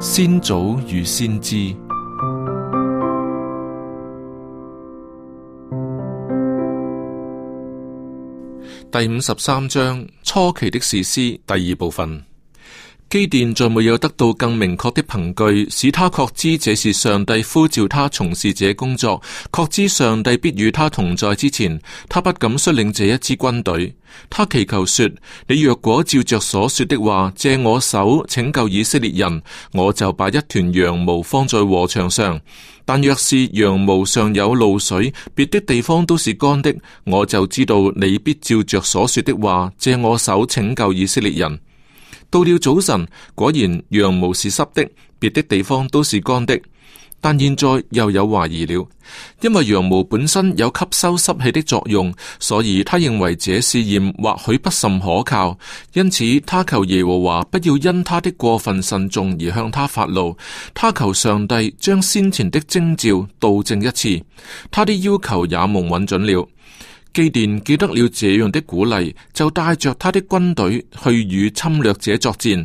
先祖與先知第五十三章，初期的史詩，第二部分。基甸在沒有得到更明確的憑據，使他確知這是上帝呼召他從事這工作，確知上帝必與他同在之前，他不敢率領這一支軍隊。他祈求說：你若果照着所說的話，借我手拯救以色列人，我就把一團羊毛放在禾場上；但若是羊毛上有露水，別的地方都是乾的，我就知道你必照着所說的話，借我手拯救以色列人。到了早晨，果然羊毛是濕的，別的地方都是乾的。但現在又有懷疑了，因為羊毛本身有吸收濕氣的作用，所以他認為這試驗或許不甚可靠。因此，他求耶和華不要因他的過分慎重而向他發怒。他求上帝將先前的徵兆道正一次。他的要求也蒙允准了。基甸記，記得了這樣的鼓勵，就帶着他的軍隊去與侵略者作戰。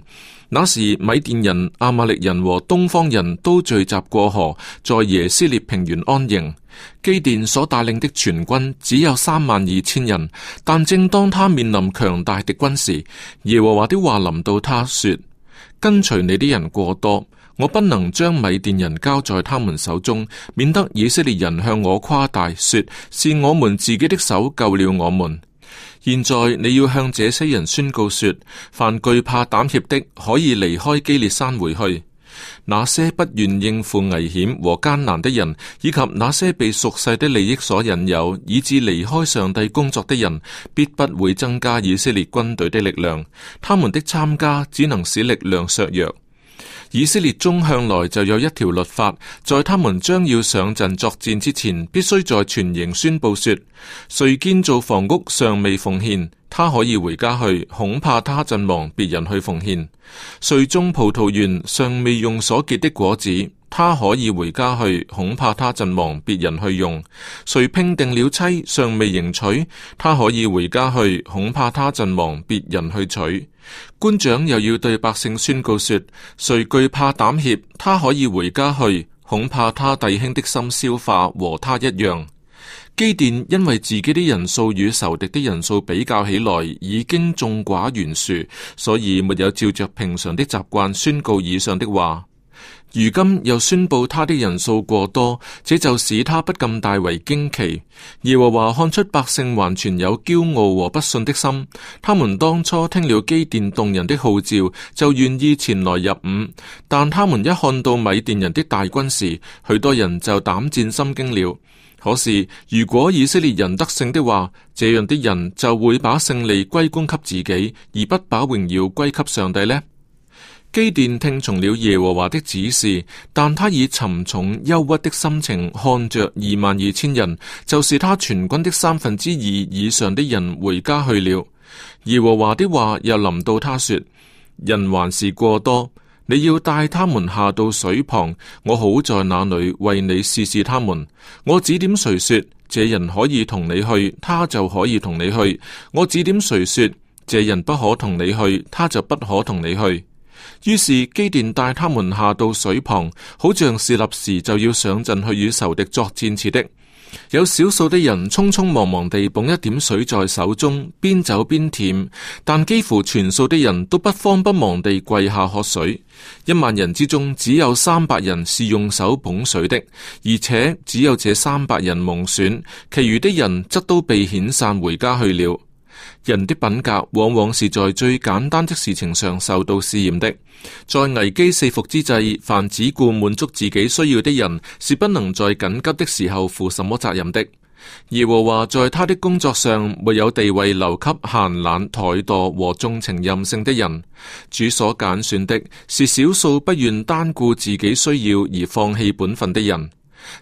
那時，米甸人、亞瑪力人和東方人都聚集過河，在耶斯列平原安營。基甸所帶領的全軍只有三萬二千人，但正當他面臨強大的敵軍時，耶和華的話臨到他說：跟隨你的人過多。我不能將米甸人交在他們手中，免得以色列人向我誇大說是我們自己的手救了我們。現在你要向這些人宣告說：凡懼怕膽怯的可以離開基列山回去；那些不願應付危險和艱難的人，以及那些被俗世的利益所引誘以至離開上帝工作的人，必不會增加以色列軍隊的力量。他們的參加只能使力量削弱。以色列中向來就有一條律法，在他們將要上陣作戰之前，必須在全營宣布說：誰建造房屋尚未奉獻，他可以回家去，恐怕他陣亡，別人去奉獻；誰種葡萄園尚未用所結的果子，他可以回家去，恐怕他陣亡，別人去用；誰聘定了妻尚未迎娶，他可以回家去，恐怕他陣亡，別人去娶。官長又要對百姓宣告說：誰懼怕膽怯，他可以回家去；恐怕他弟兄的心消化和他一樣。基甸因為自己的人數與仇敵的人數比較起來已經眾寡懸殊，所以沒有照着平常的習慣宣告以上的話。如今又宣佈他的人數過多，這就使他不禁大為驚奇。耶和華看出百姓完全有驕傲和不信的心。他們當初聽了基甸動人的號召，就願意前來入伍，但他們一看到米甸人的大軍時，許多人就膽戰心驚了。可是如果以色列人得勝的話，這樣的人就會把勝利歸功給自己，而不把榮耀歸給上帝呢？基甸聽從了耶和華的指示，但他以沉重憂鬱的心情看着二萬二千人，就是他全軍的三分之二以上的人回家去了。耶和華的話又臨到他說：人還是過多，你要帶他們下到水旁，我好在那裏為你試試他們。我指點誰說這人可以同你去，他就可以同你去；我指點誰說這人不可同你去，他就不可同你去。於是基甸帶他們下到水旁，好像是立時就要上陣去與仇敵作戰似的。有少數的人匆匆忙忙地捧一點水在手中，邊走邊舔；但幾乎全數的人都不慌不忙地跪下喝水。一萬人之中只有三百人是用手捧水的，而且只有這三百人蒙選，其餘的人則都被遣散回家去了。人的品格往往是在最簡單的事情上受到試驗的。在危機四伏之際，凡只顧滿足自己需要的人，是不能在緊急的時候負什麼責任的。耶和華在他的工作上沒有地位留給閒懶怠惰和重情任性的人。主所揀選的是少數不願單顧自己需要而放棄本分的人。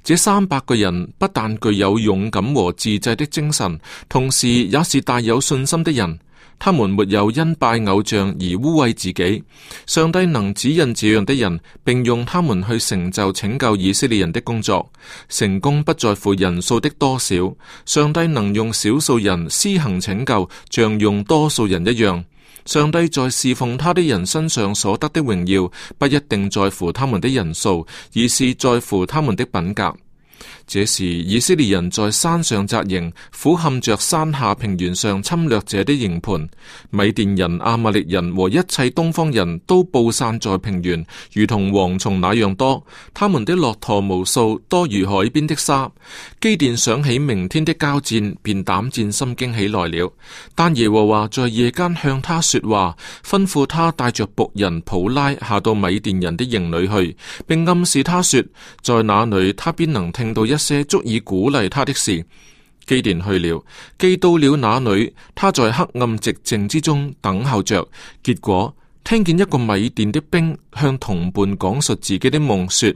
這三百個人不但具有勇敢和自制的精神，同時也是大有信心的人。他們沒有因拜偶像而污穢自己。上帝能指引這樣的人，並用他們去成就拯救以色列人的工作。成功不在乎人數的多少，上帝能用少數人施行拯救，像用多數人一樣。上帝在侍奉他的人身上所得的榮耀，不一定在乎他們的人數，而是在乎他們的品格。這時以色列人在山上紮營，俯瞰着山下平原上侵略者的營盤。米甸人、亞瑪力人和一切東方人都佈散在平原，如同蝗蟲那樣多。他們的駱駝無數，多如海邊的沙。基甸想起明天的交戰，便膽戰心驚起來了。但耶和華在夜間向他說話，吩咐他帶着僕人普拉下到米甸人的營裏去，並暗示他說，在那裏他便能聽到一。些足以鼓勵他的事，基甸去了，既到了那裏，他在黑暗寂靜之中等候着。結果聽見一個米甸的兵向同伴講述自己的夢，說：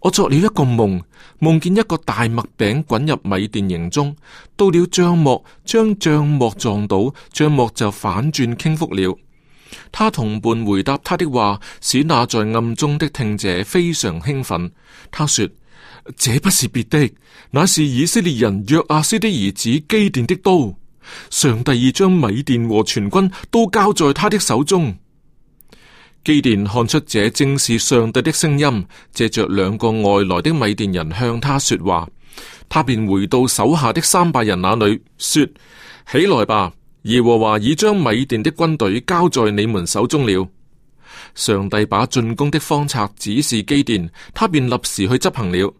我作了一個夢，夢見一個大麥餅滾入米甸營中，到了帳幕，將帳幕撞倒，帳幕就反轉傾覆了。他同伴回答他的話，使那在暗中的聽者非常興奮。他說。 這不是別的，那是以色列人約阿斯的兒子基甸的刀。上帝已將米甸和全軍都交在他的手中。基甸看出這正是上帝的聲音，借着兩個外來的米甸人向他說話。他便回到手下的三百人那裡，說：起來吧，耶和華已將米甸的軍隊交在你們手中了。上帝把進攻的方策指示基甸，他便立時去執行了。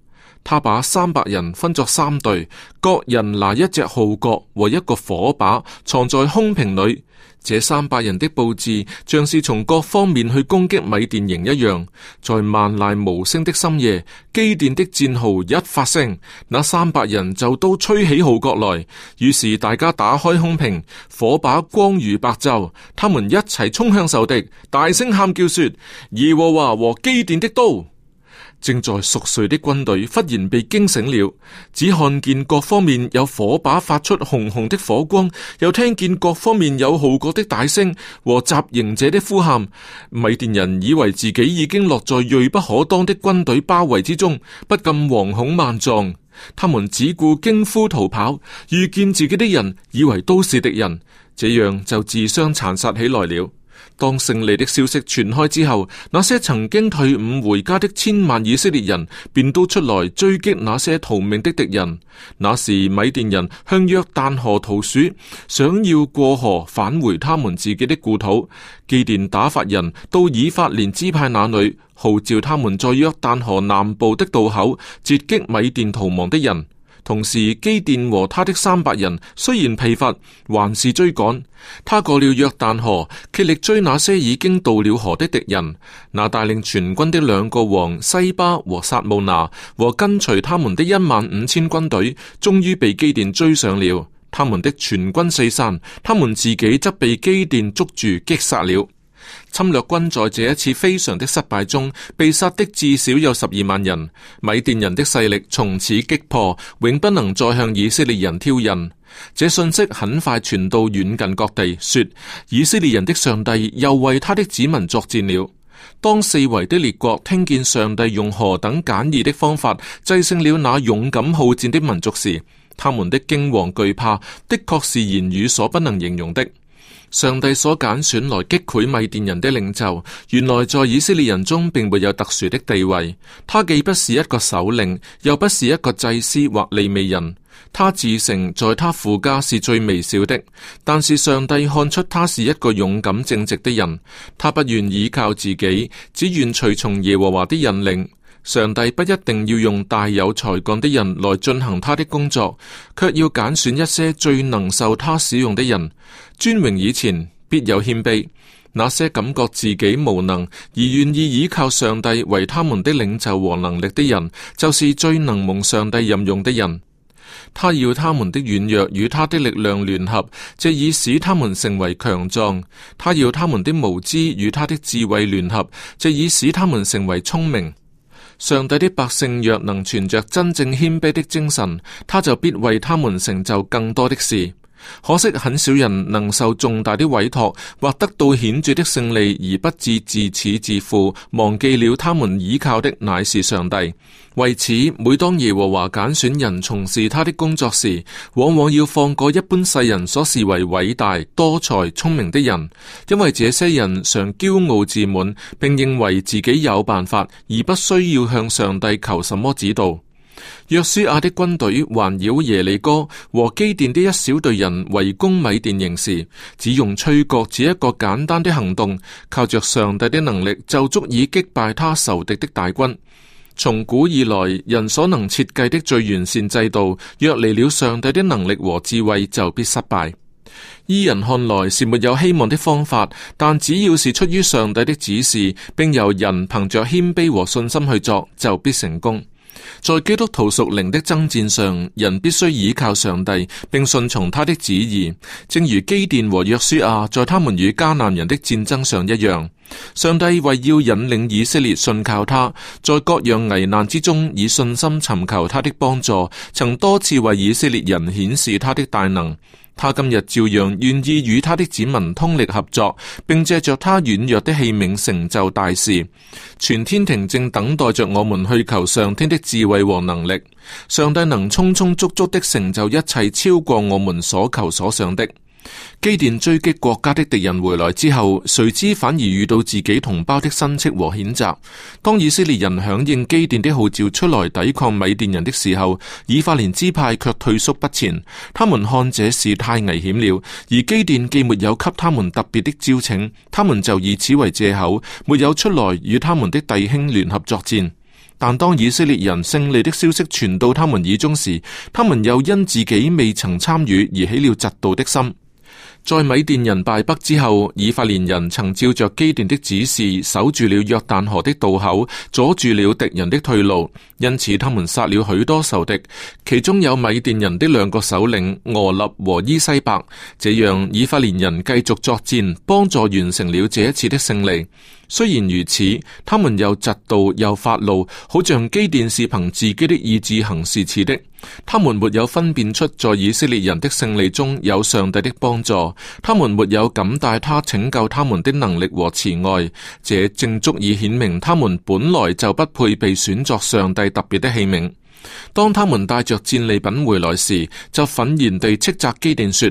他把三百人分作三隊，各人拿一隻號角和一個火把，藏在空瓶裏。這三百人的布置，像是從各方面去攻擊米甸營一樣。在萬籟無聲的深夜，基甸的戰號一發聲，那三百人就都吹起號角來。於是大家打開空瓶，火把光如白晝，他們一齊衝向仇敵，大聲喊叫說：耶和華和基甸的刀！正在熟睡的軍隊忽然被驚醒了，只看見各方面有火把發出紅紅的火光，又聽見各方面有號角的大聲和襲營者的呼喊。米甸人以為自己已經落在銳不可當的軍隊包圍之中，不禁惶恐萬狀。他們只顧驚呼逃跑，遇見自己的人，以為都是敵人，這樣就自相殘殺起來了。當勝利的消息傳開之後，那些曾經退伍回家的千萬以色列人，便都出來追擊那些逃命的敵人。那時米甸人向約旦河逃竄，想要過河返回他們自己的故土。基甸打發人到以法蓮支派那裏，號召他們在約旦河南部的渡口截擊米甸逃亡的人。同時，基甸和他的三百人雖然疲乏，還是追趕。他過了約旦河，竭力追那些已經渡了河的敵人。那帶領全軍的兩個王西巴和撒慕拿，和跟隨他們的一萬五千軍隊，終於被基甸追上了。他們的全軍四散，他們自己則被基甸捉住擊殺了。侵略軍在這一次非常的失敗中，被殺的至少有十二萬人。米甸人的勢力從此擊破，永不能再向以色列人挑釁。這信息很快傳到遠近各地，說以色列人的上帝又為他的子民作戰了。當四圍的列國聽見上帝用何等簡易的方法制勝了那勇敢好戰的民族時，他們的驚惶懼怕，的確是言語所不能形容的。上帝所揀選來擊潰米甸人的領袖，原來在以色列人中並沒有特殊的地位。他既不是一個首領，又不是一個祭司或利未人。他自承在他父家是最微小的，但是上帝看出他是一個勇敢正直的人。他不願意靠自己，只願隨從耶和華的引領。上帝不一定要用大有才幹的人來進行他的工作，卻要揀選一些最能受他使用的人。尊榮以前必有謙卑，那些感覺自己無能而願意倚靠上帝為他們的領袖和能力的人，就是最能蒙上帝任用的人。他要他們的軟弱與他的力量聯合，這以使他們成為強壯；他要他們的無知與他的智慧聯合，這以使他們成為聰明。上帝的百姓若能存着真正謙卑的精神，他就必為他們成就更多的事。可惜很少人能受重大的委託或得到顯著的勝利而不至自恃自負，忘記了他們倚靠的乃是上帝。為此，每當耶和華揀選人從事他的工作時，往往要放過一般世人所視為偉大、多才、聰明的人，因為這些人常驕傲自滿，並認為自己有辦法而不需要向上帝求什麼指導。約書亞的軍隊環繞耶利哥和基甸的一小隊人圍攻米甸營時，只用吹角這一個簡單的行動，靠着上帝的能力就足以擊敗他仇敵的大軍。從古以來，人所能設計的最完善制度，若離了上帝的能力和智慧，就必失敗。依人看來是沒有希望的方法，但只要是出於上帝的指示，並由人憑着謙卑和信心去做，就必成功。在基督徒屬靈的爭戰上，人必須依靠上帝，並順從他的旨意，正如基甸和約書亞在他們與迦南人的戰爭上一樣。上帝為要引領以色列信靠他，在各樣危難之中以信心尋求他的幫助，曾多次為以色列人顯示他的大能。他今日照樣願意與他的子民通力合作，並借着他軟弱的器皿成就大事。全天庭正等待着我們去求上天的智慧和能力。上帝能充充足足的成就一切，超過我們所求所想的。基甸追擊國家的敵人回來之後，誰知反而遇到自己同胞的申斥和譴責。當以色列人響應基甸的號召出來抵抗米甸人的時候，以法蓮支派卻退縮不前。他們看這事太危險了，而基甸既沒有給他們特別的招請，他們就以此為借口，沒有出來與他們的弟兄聯合作戰。但當以色列人勝利的消息傳到他們耳中時，他們又因自己未曾參與而起了嫉妒的心。在米甸人敗北之後，以法蓮人曾照着基甸的指示守住了約旦河的渡口，阻住了敵人的退路，因此他們殺了許多仇敵，其中有米甸人的兩個首領俄立和伊西伯。這樣，以法蓮人繼續作戰，幫助完成了這一次的勝利。雖然如此，他們又嫉妒又發怒，好像基甸是憑自己的意志行事似的。他們沒有分辨出在以色列人的勝利中有上帝的幫助，他們沒有感戴他拯救他們的能力和慈愛，這正足以顯明他們本來就不配被選作上帝特別的器皿。當他們帶着戰利品回來時，就忿然地斥責基甸說：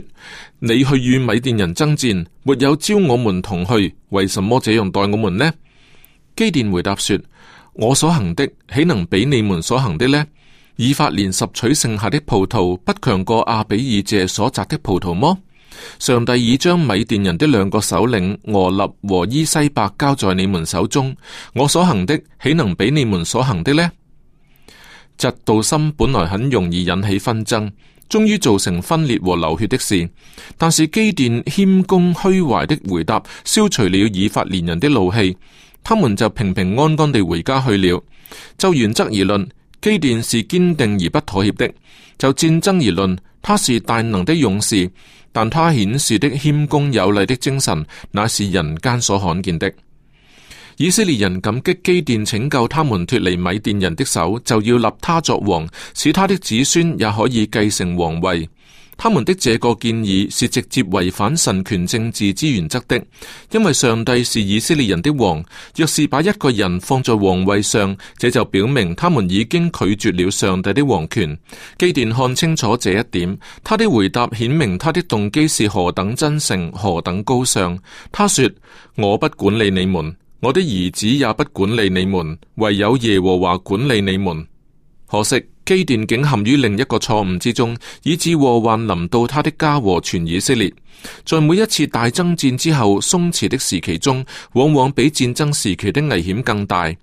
你去與米甸人爭戰，沒有招我們同去，為什麼這樣待我們呢？基甸回答說：我所行的，豈能比你們所行的呢？以法蓮拾取剩下的葡萄，不強過亞比以謝所摘的葡萄麼？上帝已將米甸人的兩個首領俄立和伊西伯交在你們手中，我所行的，豈能比你們所行的呢？嫉妒心本來很容易引起紛爭，終於造成分裂和流血的事。但是基甸謙恭虛懷的回答，消除了以法蓮人的怒氣，他們就平平安安地回家去了。就原則而論，基甸是堅定而不妥協的；就戰爭而論，他是大能的勇士，但他顯示的謙恭有禮的精神，乃是人間所罕見的。以色列人感激基甸拯救他們脫離米甸人的手，就要立他作王，使他的子孫也可以繼承皇位。他們的這個建議是直接違反神權政治之原則的，因為上帝是以色列人的王。若是把一個人放在皇位上，這就表明他們已經拒絕了上帝的皇權。基甸看清楚這一點，他的回答顯明他的動機是何等真誠，何等高尚。他說：我不管理你們。我的兒子也不管理你們，唯有耶和華管理你們。可惜基甸竟陷於另一個錯誤之中，以致禍患臨到他的家和全以色列。在每一次大爭戰之後鬆弛的時期中，往往比戰爭時期的危險更大。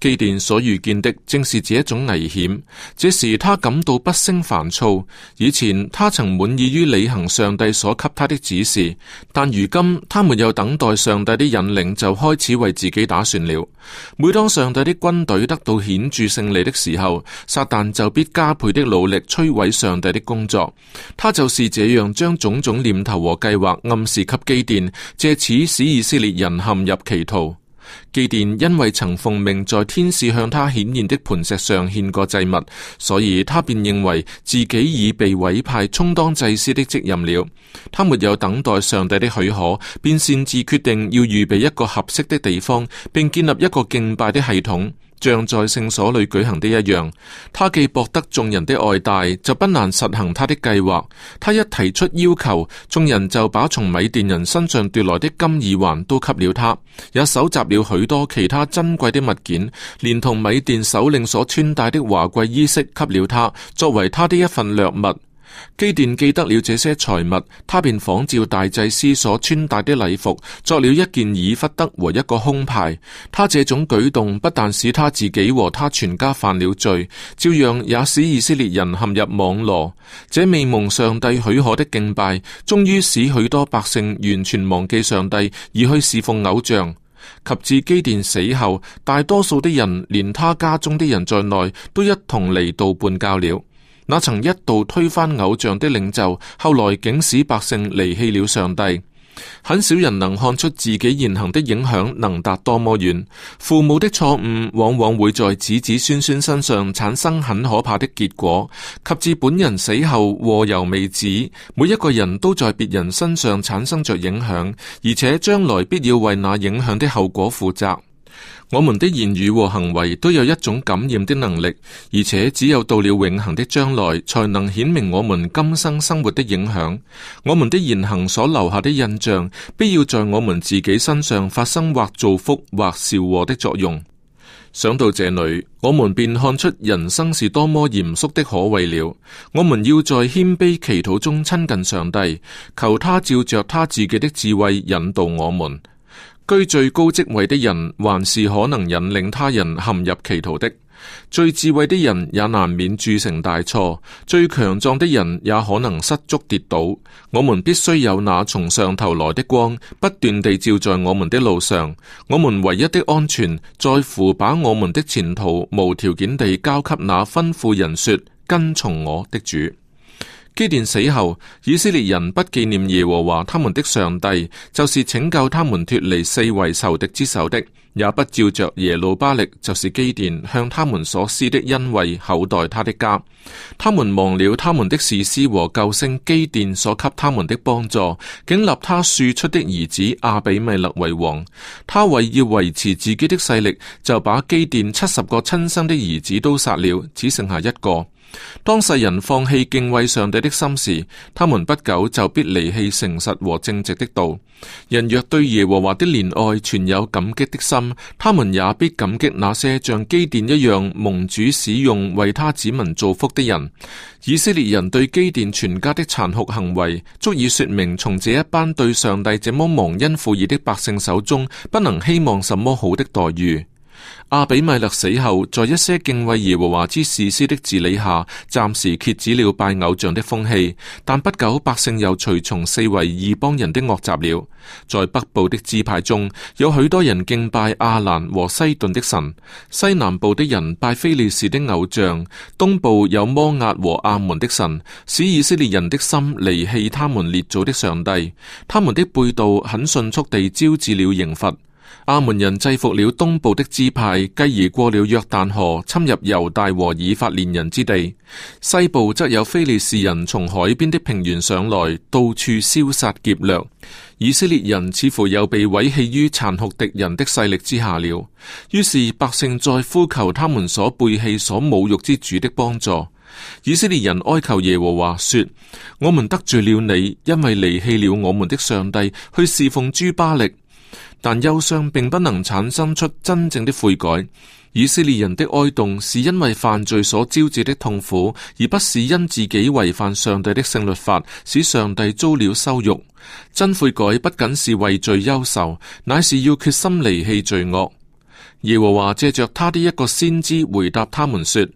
基甸所遇見的正是這種危險，這時他感到不勝煩躁。以前他曾滿意於履行上帝所給他的指示，但如今他沒有等待上帝的引領，就開始為自己打算了。每當上帝的軍隊得到顯著勝利的時候，撒旦就必加倍的努力摧毀上帝的工作。他就是這樣將種種念頭和計劃暗示給基甸，借此使以色列人陷入歧途。基甸因為曾奉命在天使向他顯現的磐石上獻過祭物，所以他便認為自己已被委派充當祭司的職任了。他沒有等待上帝的許可，便擅自決定要預備一個合適的地方，並建立一個敬拜的系統。像在聖所裏舉行的一樣，他既博得眾人的愛戴，就不難實行他的計劃。他一提出要求，眾人就把從米甸人身上奪來的金耳環都給了他，也搜集了許多其他珍貴的物件，連同米甸首領所穿戴的華貴衣飾給了他，作為他的一份掠物。基甸記得了這些財物，他便仿照大祭司所穿戴的禮服，作了一件以弗得和一個胸牌。他這種舉動不但使他自己和他全家犯了罪，照樣也使以色列人陷入網羅。這未蒙上帝許可的敬拜，終於使許多百姓完全忘記上帝，而去侍奉偶像。及至基甸死後，大多數的人連他家中的人在內，都一同離道叛教了。那曾一度推翻偶像的領袖，後來竟使百姓離棄了上帝。很少人能看出自己言行的影響能達多麼遠。父母的錯誤，往往會在子子孫孫身上產生很可怕的結果，及至本人死後禍猶未止。每一個人都在別人身上產生着影響，而且將來必要為那影響的後果負責。我們的言語和行為都有一種感染的能力，而且只有到了永恒的將來，才能顯明我們今生生活的影響。我們的言行所留下的印象，必要在我們自己身上發生或造福或造禍的作用。想到這裏，我們便看出人生是多麼嚴肅的可畏了。我們要在謙卑祈禱中親近上帝，求他照着他自己的智慧引導我們。居最高職位的人，還是可能引領他人陷入歧途的；最智慧的人也難免鑄成大錯；最強壯的人也可能失足跌倒。我們必須有那從上頭來的光，不斷地照在我們的路上。我們唯一的安全，在乎把我們的前途無條件地交給那吩咐人說跟從我的主。基甸死後，以色列人不紀念耶和華他們的上帝，就是拯救他們脫離四圍仇敵之手的，也不照着耶路巴力，就是基甸向他們所施的恩惠厚待他的家。他們忘了他們的士師和救星基甸所給他們的幫助，竟立他庶出的兒子亞比米勒為王。他為要維持自己的勢力，就把基甸七十個親生的兒子都殺了，只剩下一個。當世人放棄敬畏上帝的心時，他們不久就必離棄誠實和正直的道。人若對耶和華的憐愛存有感激的心，他們也必感激那些像基甸一樣蒙主使用為他子民造福的人。以色列人對基甸全家的殘酷行為，足以說明從這一班對上帝這麼忘恩負義的百姓手中，不能希望什麼好的待遇。亞比米勒死後，在一些敬畏耶和華之士師的治理下，暫時遏止了拜偶像的風氣，但不久百姓又隨從四圍異邦人的惡習了。在北部的支派中有許多人敬拜亞蘭和西頓的神，西南部的人拜非利士的偶像，東部有摩押和亞門的神，使以色列人的心離棄他們列祖的上帝。他們的背道很迅速地招致了刑罰。阿門人制服了東部的支派，繼而過了約旦河，侵入猶大和以法蓮人之地。西部則有非利士人從海邊的平原上來，到處燒殺劫掠。以色列人似乎又被毀棄於殘酷敵人的勢力之下了。於是百姓再呼求他們所背棄、所侮辱之主的幫助。以色列人哀求耶和華說，說：我們得罪了你，因為離棄了我們的上帝，去侍奉諸巴力。但憂傷並不能產生出真正的悔改。以色列人的哀慟是因為犯罪所招致的痛苦，而不是因自己違反上帝的聖律法，使上帝遭了羞辱。真悔改不僅是為罪憂愁，乃是要決心離棄罪惡。耶和華借着他的一個先知回答他們說：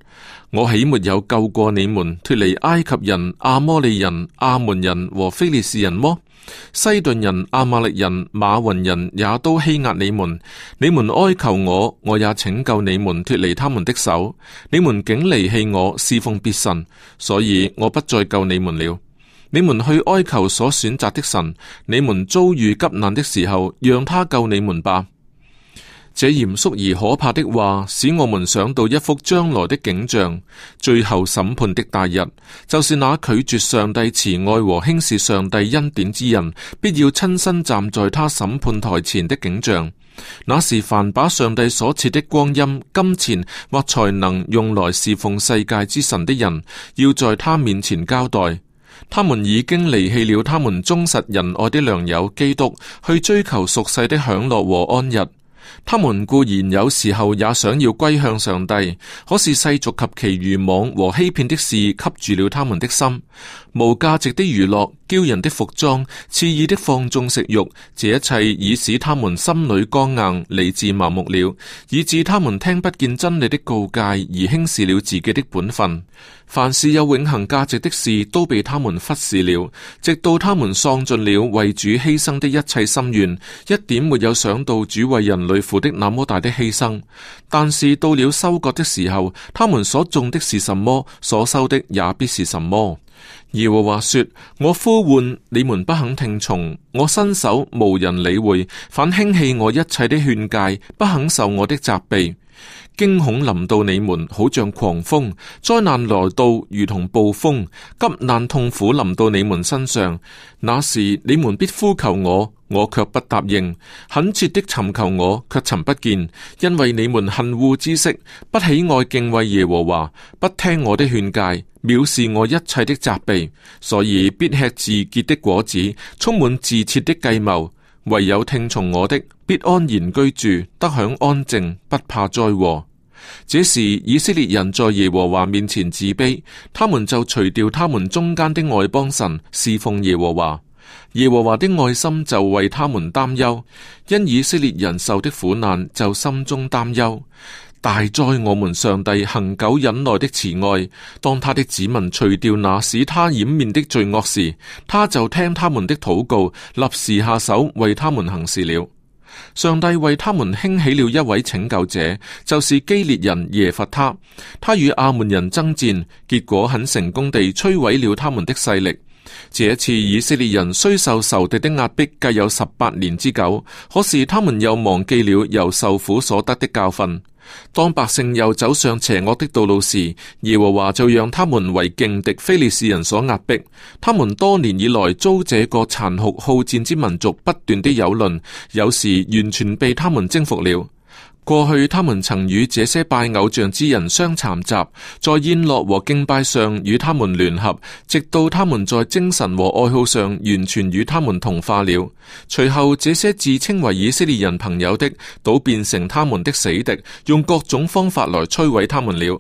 我豈沒有救過你們脫離埃及人、亞摩利人、亞門人和非利士人麼？西頓人、亞瑪力人、馬雲人也都欺壓你們。你們哀求我，我也拯救你們脫離他們的手。你們竟離棄我，侍奉別神，所以我不再救你們了。你們去哀求所選擇的神。你們遭遇急難的時候，讓他救你們吧。這嚴肅而可怕的話，使我們想到一幅將來的景象：最後審判的大日，就是那拒絕上帝慈愛和輕視上帝恩典之人，必要親身站在他審判臺前的景象。那時凡把上帝所賜的光陰、金錢或才能用來侍奉世界之神的人，要在他面前交代，他們已經離棄了他們忠實仁愛的良友基督，去追求俗世的享樂和安逸。他們固然有時候也想要歸向上帝，可是世俗及其願望和欺騙的事，吸住了他們的心。.無價值的娛樂，驕人的服裝，肆意的放縱食欲，這一切已使他們心裏剛硬，理智麻木了，以致他們聽不見真理的告誡，而輕視了自己的本分。凡是有永恒價值的事，都被他們忽視了，直到他們喪盡了為主犧牲的一切心願，一點沒有想到主為人類付的那麼大的犧牲。但是到了收割的時候，他們所種的是什麼，所收的也必是什麼。耶和華說：我呼喚你們，不肯聽從；我伸手，無人理會，反輕棄我一切的勸誡，不肯受我的責備。驚恐臨到你們，好像狂風；災難來到，如同暴風；急難痛苦臨到你們身上，那時你們必呼求我，我卻不答應；懇切的尋求我，卻尋不見，因為你們恨惡知識，不喜愛敬畏耶和華，不聽我的勸誡，藐視我一切的責備，所以必吃自結的果子，充滿自設的計謀。唯有聽從我的，必安然居住，得享安靜，不怕災禍。這時以色列人在耶和華面前自卑，他們就除掉他們中間的外邦神，侍奉耶和華。耶和華的愛心就為他們擔憂，因以色列人受的苦難就心中擔憂。大哉！我們上帝恆久忍耐的慈愛，當他的子民除掉那使他掩面的罪惡時，他就聽他們的禱告，立時下手為他們行事了。上帝為他們興起了一位拯救者，就是基列人耶弗他，他與亞捫人爭戰，結果很成功地摧毀了他們的勢力。這次以色列人雖受仇敵的壓迫，計有十八年之久，可是他們又忘記了由受苦所得的教訓。當百姓又走上邪惡的道路時，耶和華就讓他們為勁敵非利士人所壓迫。他們多年以來遭這個殘酷好戰之民族不斷的蹂躪，有時完全被他們征服了。過去，他們曾與這些拜偶像之人相摻雜，在宴樂和敬拜上與他們聯合，直到他們在精神和愛好上完全與他們同化了。隨後，這些自稱為以色列人朋友的，倒變成他們的死敵，用各種方法來摧毀他們了。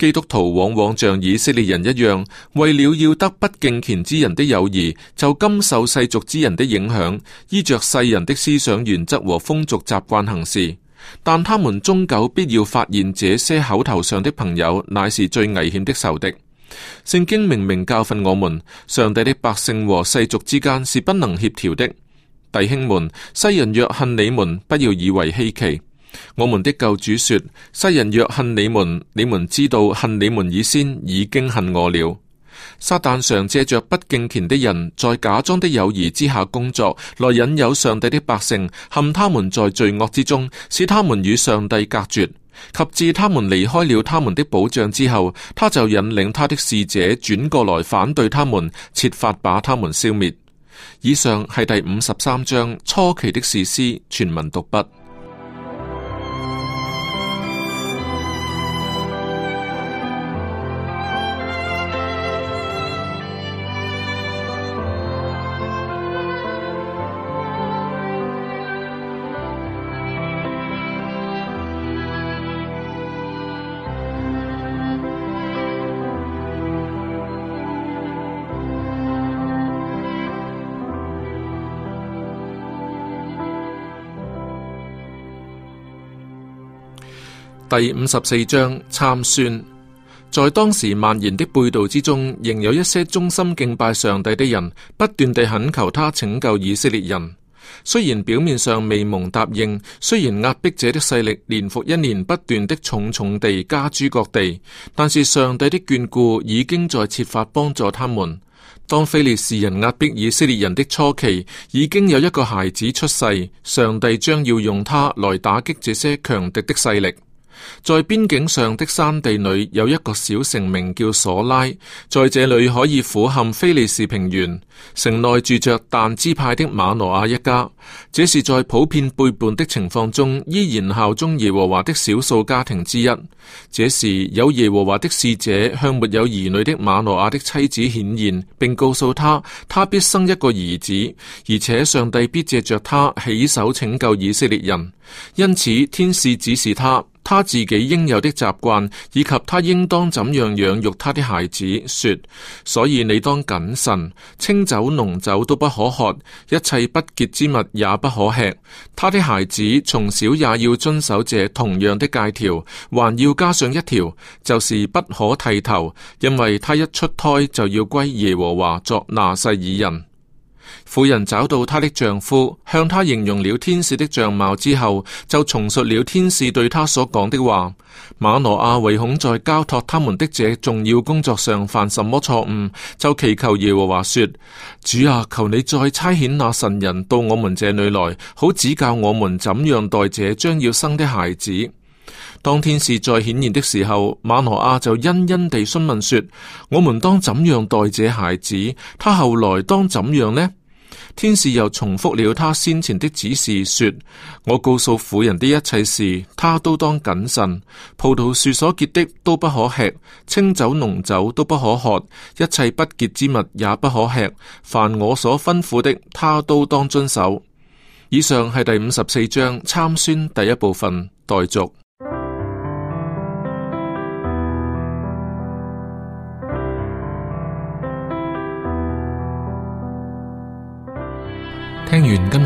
基督徒往往像以色列人一樣，為了要得不敬虔之人的友誼，就甘受世俗之人的影響，依着世人的思想原則和風俗習慣行事。但他們終究必要發現這些口頭上的朋友乃是最危險的仇敵。聖經明明教訓我們，上帝的百姓和世俗之間是不能協調的。弟兄們，世人若恨你們，不要以為稀奇。我們的救主說：世人若恨你們，你們知道恨你們以先，已經恨我了。撒旦常借着不敬虔的人，在假裝的友誼之下工作，來引誘上帝的百姓，陷他們在罪惡之中，使他們與上帝隔絕，及至他們離開了他們的保障之後，他就引領他的使者轉過來反對他們，設法把他們消滅。以上係第五十三章初期的事詩，全文讀畢。第五十四章參孫，在當時蔓延的背道之中，仍有一些忠心敬拜上帝的人，不斷地懇求他拯救以色列人。雖然表面上未蒙答應，雖然壓迫者的勢力年復一年不斷地重重地加諸各地，但是上帝的眷顧已經在設法幫助他們。當非利士人壓迫以色列人的初期，已經有一個孩子出世，上帝將要用他來打擊這些強敵的勢力。在邊境上的山地裏有一個小城，名叫索拉。在這裏可以俯瞰非利士平原。城內住着但支派的馬羅亞一家，這是在普遍背叛的情況中依然效忠耶和華的少數家庭之一。這時有耶和華的使者向沒有兒女的馬羅亞的妻子顯現，並告訴他，他必生一個兒子，而且上帝必借着他起首拯救以色列人。因此，天使指示他。他自己應有的習慣，以及他應當怎樣養育他的孩子，說：所以你當謹慎，清酒濃酒都不可喝，一切不潔之物也不可吃。他的孩子從小也要遵守這同樣的戒條，還要加上一條，就是不可剃頭，因為他一出胎就要歸耶和華作拿細耳人。婦人找到她的丈夫，向她形容了天使的相貌之後，就重述了天使對她所講的話。瑪挪亞唯恐在交託他們的這重要工作上犯什麼錯誤，就祈求耶和華說：主啊，求你再差遣那神人到我們這裡來，好指教我們怎樣待這將要生的孩子。當天使再顯現的時候，瑪挪亞就殷殷地詢問說：我們當怎樣待這孩子？他後來當怎樣呢？天使又重複了他先前的指示說，說我告訴婦人的一切事，他都當謹慎。葡萄樹所結的都不可吃，清酒濃酒都不可喝，一切不潔之物也不可吃。凡我所吩咐的，他都當遵守。以上係第五十四章參孫第一部分待續。